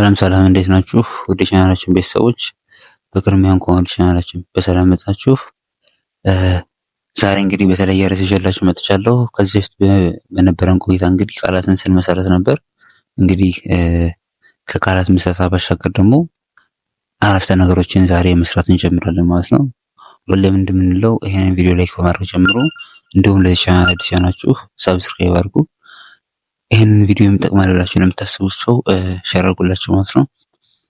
ሰላም ሰላም እንዴት ናችሁ? ወደ ቻናላችን ቤተሰቦች በቅድሚያ እንኳን ወደ ቻናላችን በሰላም መጣችሁ። ዛሬ እንግዲህ በተለየ ርዕስ ይዤላችሁ መጥቻለሁ። ከዚህ በፊት በነበረን ቆይታ እንግዲህ ቃላትን ስንመሰረት ነበር። እንግዲህ ከቃላት ምስረታ ባሻገር ደግሞ አረፍተ ነገሮችን ዛሬ መስራት እንጀምራለን ማለት ነው። ሁሌም እንደምንለው ይሄንን ቪዲዮ ላይክ በማድረግ ጀምሮ፣ እንዲሁም ለቻናል አዲስ የሆናችሁ ሰብስክራይብ አድርጉ። ይህን ቪዲዮ የሚጠቅማል ብላችሁ ለምታስቡት ሰው ሸር አድርጉላችሁ ማለት ነው።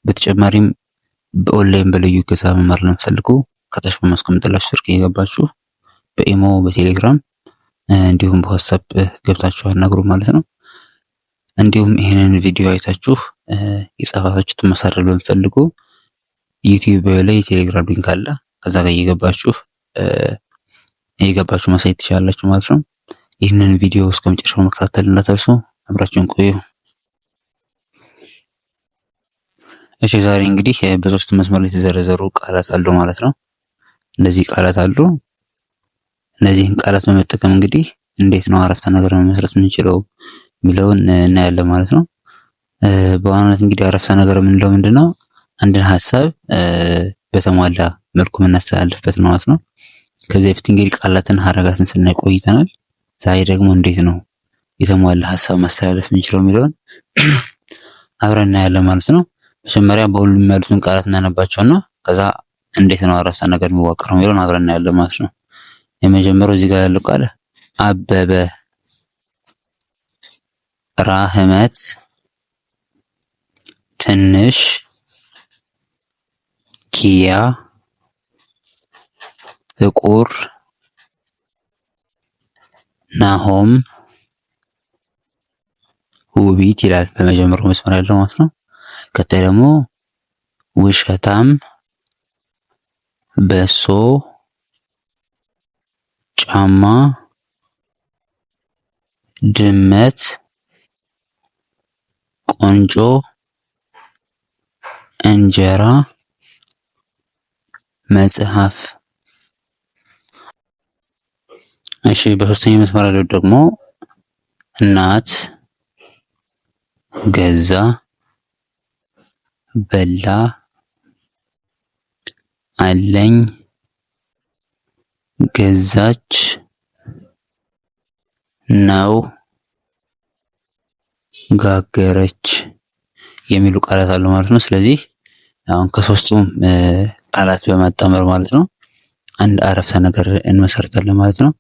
በተጨማሪም በኦንላይን በልዩ ገዛ መማር ለምፈልጉ ከታች በማስቀምጥላችሁ ስልክ እየገባችሁ በኢሞ በቴሌግራም እንዲሁም በዋትሳፕ ገብታችሁ አናግሩ ማለት ነው። እንዲሁም ይህንን ቪዲዮ አይታችሁ የጻፋችሁትን ማሳደር በምፈልጉ ዩቲዩብ ላይ የቴሌግራም ሊንክ አለ። ከዛ ጋር እየገባችሁ እየገባችሁ ማሳየት ትችላላችሁ ማለት ነው። ይህንን ቪዲዮ እስከ መጨረሻው መከታተል እንዳትረሱ። አብራችሁን ቆዩ። እሺ ዛሬ እንግዲህ በሶስት መስመር ላይ የተዘረዘሩ ቃላት አሉ ማለት ነው። እነዚህ ቃላት አሉ። እነዚህን ቃላት በመጠቀም እንግዲህ እንዴት ነው አረፍተ ነገር መመስረት የምንችለው የሚለውን እናያለን ማለት ነው። በዋናነት እንግዲህ አረፍተ ነገር የምንለው ምንድን ነው? አንድን ሀሳብ በተሟላ መልኩ የምናስተላልፍበት ነው ማለት ነው። ከዚህ በፊት እንግዲህ ቃላትን ሀረጋትን ስናይ ቆይተናል። ዛሬ ደግሞ እንዴት ነው የተሟላ ሀሳብ ማስተላለፍ የምንችለው የሚለውን አብረን እናያለን ማለት ነው። መጀመሪያ በሁሉም ያሉትን ቃላት እናነባቸውና ከዛ እንዴት ነው አረፍተ ነገር የሚዋቀረው የሚለውን አብረን እናያለን ማለት ነው። የመጀመሪያው እዚህ ጋር ያለው ቃል አበበ ራህመት ትንሽ ኪያ ጥቁር ናሆም ውቢት ይላል። በመጀመሪያው መስመር ያለው ማለት ነው። ቀጣይ ደግሞ ውሸታም፣ በሶ፣ ጫማ፣ ድመት፣ ቆንጆ፣ እንጀራ፣ መጽሐፍ። እሺ በሶስተኛ መስመር ያለው ደግሞ እናት ገዛ በላ አለኝ ገዛች ነው ጋገረች የሚሉ ቃላት አሉ ማለት ነው። ስለዚህ አሁን ከሶስቱም ቃላት በማጣመር ማለት ነው አንድ አረፍተ ነገር እንመሰርታለን ማለት ነው።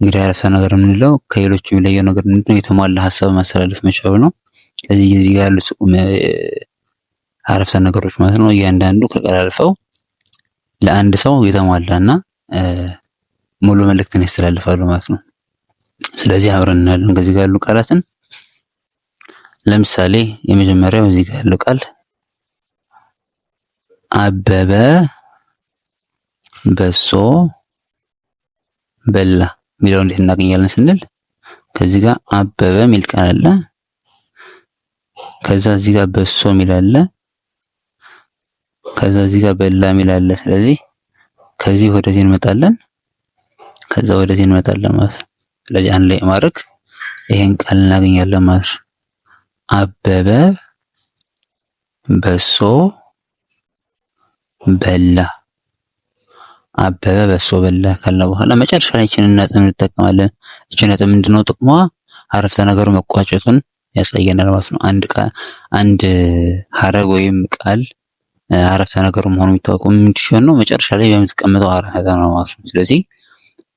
እንግዲህ አረፍተ ነገር የምንለው ከሌሎቹ የሚለየው ነገር ምንድነው? የተሟላ ሀሳብ ማስተላለፍ መቻሉ ነው። ስለዚህ እዚህ ጋር ያሉት አረፍተ ነገሮች ማለት ነው እያንዳንዱ ከቀላልፈው ለአንድ ሰው የተሟላና ሙሉ መልእክትን ያስተላልፋሉ ማለት ነው። ስለዚህ አብረን እናያለን ከዚህ ጋር ያሉ ቃላትን። ለምሳሌ የመጀመሪያው እዚህ ጋር ያለው ቃል አበበ በሶ በላ የሚለው እንዴት እናገኛለን ስንል ከዚህ ጋር አበበ የሚል ቃል አለ። ከዛ እዚህ ጋር በሶ የሚል ከዛ እዚህ ጋር በላ የሚል ስለዚህ ከዚህ ወደዚህ እንመጣለን፣ ከዛ ወደዚህ እንመጣለን ማለት ስለዚህ አንድ ላይ ማድረግ ይሄን ቃል እናገኛለን ማለት አበበ በሶ በላ አበበ በሶ በላ ካለ በኋላ መጨረሻ ላይ እችን ነጥብ እንጠቀማለን። እችን ነጥብ ምንድነው ጥቅሟ? አረፍተ ነገሩ መቋጨቱን ያሳየናል ማለት ነው። አንድ አንድ ሀረግ ወይም ቃል አረፍተ ነገር መሆኑ የሚታወቀው ምን ሲሆን ነው? መጨረሻ ላይ በምትቀምጠው አረፍተ ነገር ነው ማለት ነው። ስለዚህ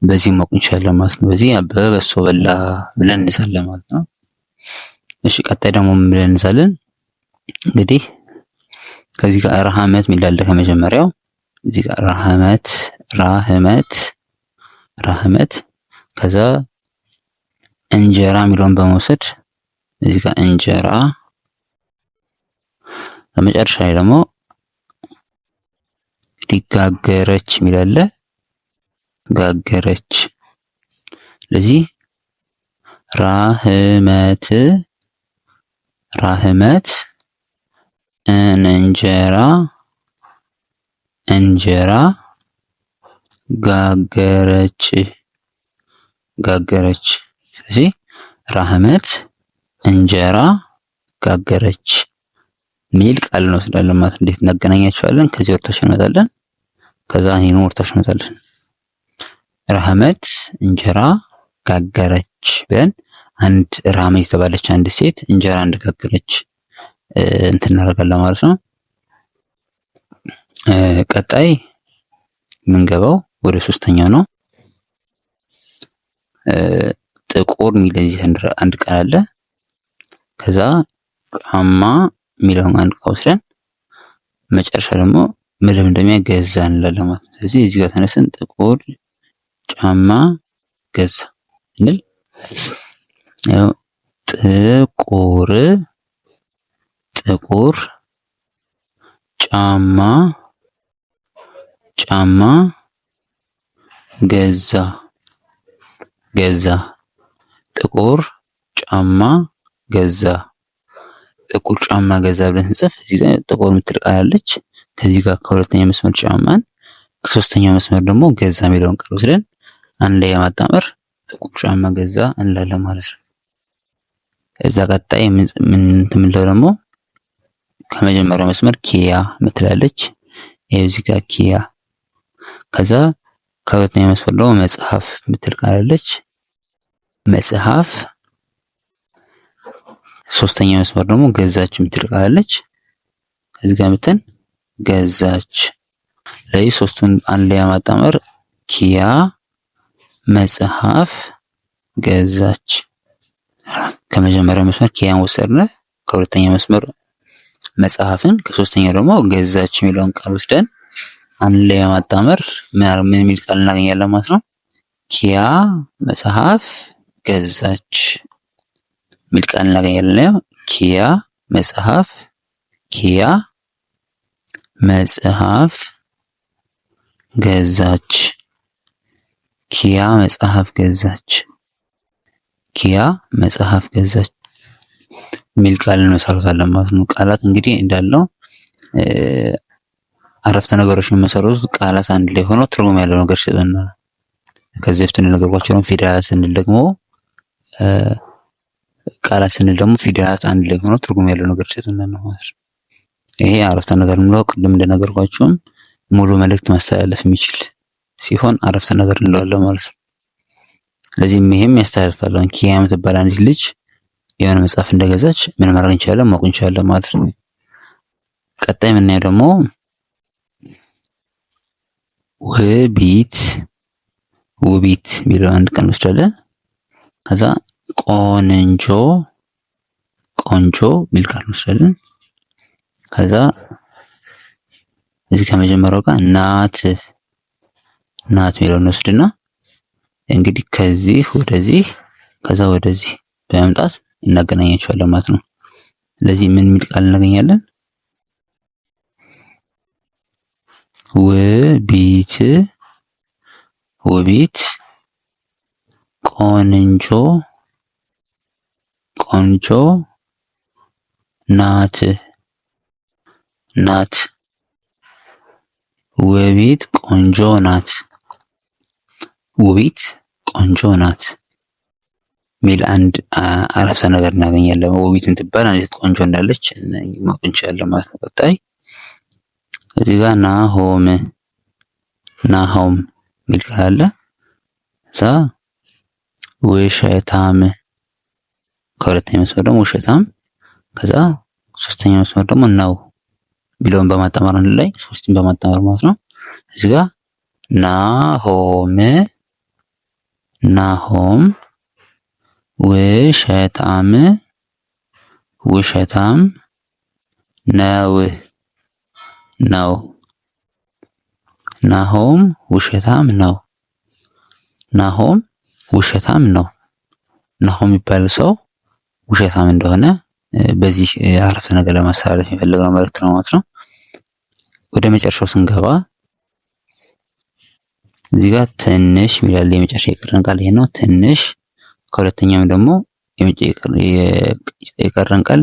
በዚህ ማወቅ እንችላለን ማለት ነው። በዚህ አበበ በሶ በላ ብለን እንሳለን ማለት ነው። እሺ ቀጣይ ደግሞ ምን ብለን እንሳለን? እንግዲህ ከዚህ ጋር ረሃመት የሚላለ ከመጀመሪያው እዚህ ጋር ረሃመት ራህመት ራህመት ከዛ እንጀራ የሚለውን በመውሰድ እዚህ ጋር እንጀራ በመጨረሻ ላይ ደግሞ ሊጋገረች ጋገረች የሚላለ ጋገረች። ስለዚህ ራህመት ራህመት እንጀራ እንጀራ ጋገረች ጋገረች። ስለዚህ ራህመት እንጀራ ጋገረች ሚል ቃል እንወስዳለን ማለት እንዴት እናገናኛቸዋለን? ከዚህ ወርታች እንመጣለን። ከዛ ይሄን ወርታሽ እንመጣለን። ረህመት እንጀራ ጋገረች ብለን አንድ ረህመት የተባለች አንድ ሴት እንጀራ እንደጋገረች እንትን እናደርጋለን ማለት ነው። ቀጣይ የምንገባው ወደ ሶስተኛው ነው። ጥቁር የሚል እዚህ አንድ ቃል አለ። ከዛ ጫማ የሚለውን አንድ ቃል ወስደን መጨረሻ ደግሞ መደምደሚያ ገዛ እንላለን ማለት ነው። ስለዚህ እዚህ ጋር ተነስተን ጥቁር ጫማ ገዛ እንል ጥቁር ጥቁር ጫማ ጫማ ገዛ ገዛ ጥቁር ጫማ ገዛ ጥቁር ጫማ ገዛ ብለን ስንጽፍ እዚህ ጋር ጥቁር የምትል ቃል አለች። ከዚህ ጋር ከሁለተኛ መስመር ጫማን ከሶስተኛው መስመር ደግሞ ገዛ የሚለውን ቃል ወስደን አንድ ላይ በማጣመር ጥቁር ጫማ ገዛ እንላለን ማለት ነው። ከዛ ቀጣይ ምን የምንለው ደግሞ ከመጀመሪያው መስመር ኪያ ምትላለች። ይሄው እዚህ ጋር ኪያ። ከዛ ከሁለተኛ መስመር ደግሞ መጽሐፍ ምትል ቃል አለች። መጽሐፍ ሶስተኛ መስመር ደግሞ ገዛች የምትል ቃል አለች። ከዚህ ጋር ምትን ገዛች ላይ ሶስቱን አንድ ላይ ማጣመር ኪያ መጽሐፍ ገዛች። ከመጀመሪያው መስመር ኪያን ወሰድነ፣ ከሁለተኛ መስመር መጽሐፍን፣ ከሶስተኛ ደግሞ ገዛች የሚለውን ቃል ወስደን አንድ ላይ ማጣመር ምን የሚል ቃል እናገኛለን ማለት ነው። ኪያ መጽሐፍ ገዛች የሚል ቃል እናገኛለን። ኪያ መጽሐፍ፣ ኪያ መጽሐፍ ገዛች፣ ኪያ መጽሐፍ ገዛች፣ ኪያ መጽሐፍ ገዛች የሚል ቃል እንመሰርታለን ማለት ነው። ቃላት እንግዲህ እንዳለው አረፍተ ነገሮች የሚመሰሩት ቃላት አንድ ላይ ሆኖ ትርጉም ያለው ነገር ሲሆን ከዚህ በፊት እንደነገርኳቸው ፊደላት ስንል ደግሞ ቃላት ስንል ደግሞ ፊደላት አንድ ላይ ሆኖ ትርጉም ያለው ነገር ሲሰጡን ነው ይሄ አረፍተ ነገር የምንለው ቅድም እንደነገርኳችሁም ሙሉ መልእክት ማስተላለፍ የሚችል ሲሆን አረፍተ ነገር እንለዋለን ማለት ነው። ስለዚህ ይሄም ያስተላልፋል። ኪያ የምትባል አንዲት ልጅ የሆነ መጽሐፍ እንደገዛች ምን ማድረግ እንችላለን ማወቅ እንችላለን ማለት ነው። ቀጣይ የምናየው ደግሞ ውቢት ውቢት የሚለው አንድ ቀን ወስዳለን ከዛ ቆንጆ ቆንጆ ሚል ቃል እንወስዳለን። ከዛ እዚህ ከመጀመሪያው ጋር ናት ናት ሚለው እንወስድና እንግዲህ ከዚህ ወደዚህ ከዛ ወደዚህ በመምጣት እናገናኛቸዋለን ማለት ነው። ስለዚህ ምን ሚል ቃል እናገኛለን? ውቢት ውቢት ቆንጆ ቆንጆ ናት ናት ውቢት ቆንጆ ናት ውቢት ቆንጆ ናት ሚል አንድ አረፍተ ነገር እናገኛለን። ውቢት የምትባል አንዲት ቆንጆ እንዳለች ማወቅ እንችላለን ማለት ነው። ቀጣይ እዚህ ጋር ናሆም ናሆም ሚል ካለ እዛ ውሸታም ከሁለተኛ መስመር ደግሞ ውሸታም፣ ከዛ ሶስተኛ መስመር ደግሞ ነው ቢለውን በማጣመር አንድ ላይ ሶስትን በማጣመር ማለት ነው። እዚህ ጋ ናሆም ናሆም ውሸታም ውሸታም ነው ነው ናሆም ውሸታም ነው ናሆም ውሸታም ነው ናሆም የሚባለው ሰው ውሸታም እንደሆነ በዚህ አረፍተ ነገር ለማስተላለፍ የፈለግነው መልእክት ነው ማለት ነው። ወደ መጨረሻው ስንገባ እዚህ ጋር ትንሽ ሚላል የመጨረሻ የቀረን ቃል ይሄ ነው። ትንሽ ከሁለተኛውም ደግሞ የቀረን ቃል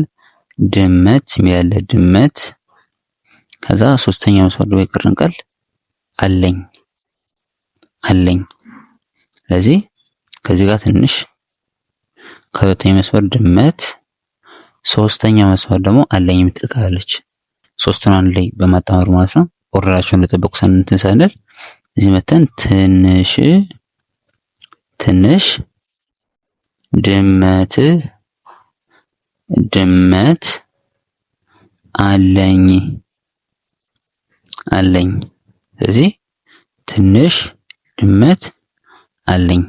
ድመት የሚላለ ድመት። ከዛ ሶስተኛ መስመር ደግሞ የቀረን ቃል አለኝ አለኝ። ስለዚህ ከዚህ ጋር ትንሽ ከሁለተኛ መስመር ድመት፣ ሶስተኛ መስመር ደግሞ አለኝ የምትል ቃላለች። ሶስቱን አንድ ላይ በማጣመር ማለት ነው። ኦርደራቸውን እንደጠበቁ ሳንትን ሳንል እዚህ መተን ትንሽ ትንሽ ድመት ድመት አለኝ አለኝ። ስለዚህ ትንሽ ድመት አለኝ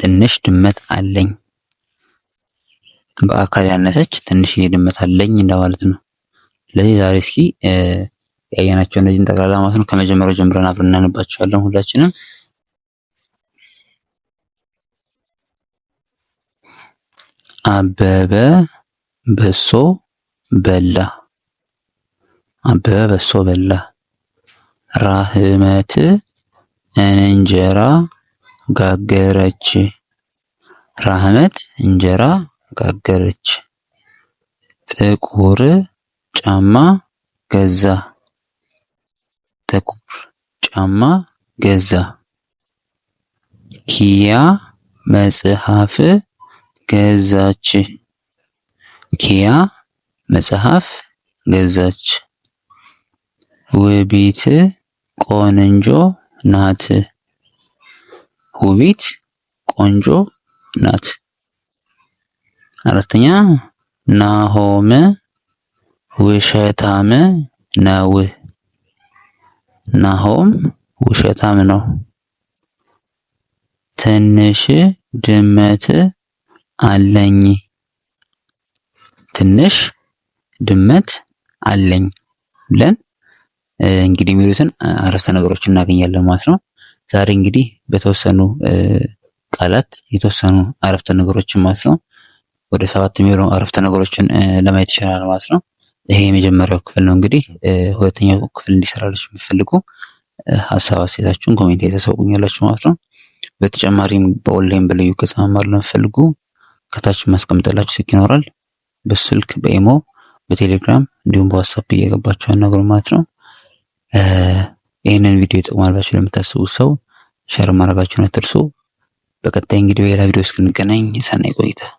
ትንሽ ድመት አለኝ በአካል ያነሰች ትንሽዬ ድመት አለኝ እንደማለት ነው። ስለዚህ ዛሬ እስኪ ያየናቸው እነዚህን ጠቅላላ ማለት ነው ከመጀመሪያው ጀምረን አብረን እናነባቸዋለን ሁላችንም። አበበ በሶ በላ። አበበ በሶ በላ። ራህመት እንጀራ ጋገረች። ራህመት እንጀራ ተነጋገረች። ጥቁር ጫማ ገዛ። ጥቁር ጫማ ገዛ። ኪያ መጽሐፍ ገዛች። ኪያ መጽሐፍ ገዛች። ውቢት ቆንጆ ናት። ውቢት ቆንጆ ናት። አራተኛ ናሆም ውሸታም ነው። ናሆም ውሸታም ነው። ትንሽ ድመት አለኝ። ትንሽ ድመት አለኝ ብለን እንግዲህ የሚሉትን አረፍተ ነገሮች እናገኛለን ማለት ነው። ዛሬ እንግዲህ በተወሰኑ ቃላት የተወሰኑ አረፍተ ነገሮችን ማለት ነው ወደ ሰባት የሚሆኑ አረፍተ ነገሮችን ለማየት ይችላል ማለት ነው። ይሄ የመጀመሪያው ክፍል ነው። እንግዲህ ሁለተኛው ክፍል እንዲሰራላችሁ የሚፈልጉ ሀሳብ አስተያየታችሁን ኮሜንት የተሰውኛላችሁ ማለት ነው። በተጨማሪም በኦንላይን በልዩ ገጽ መማር ለምትፈልጉ ከታች ማስቀምጠላችሁ ስልክ ይኖራል። በስልክ በኢሞ በቴሌግራም እንዲሁም በዋትሳፕ እየገባችሁ ነገሩ ማለት ነው። ይህንን ቪዲዮ ይጠቅማል ለምታስቡ ሰው ሸር ማድረጋችሁን አትርሱ። በቀጣይ እንግዲህ በሌላ ቪዲዮ እስክንገናኝ ሰናይ ቆይታ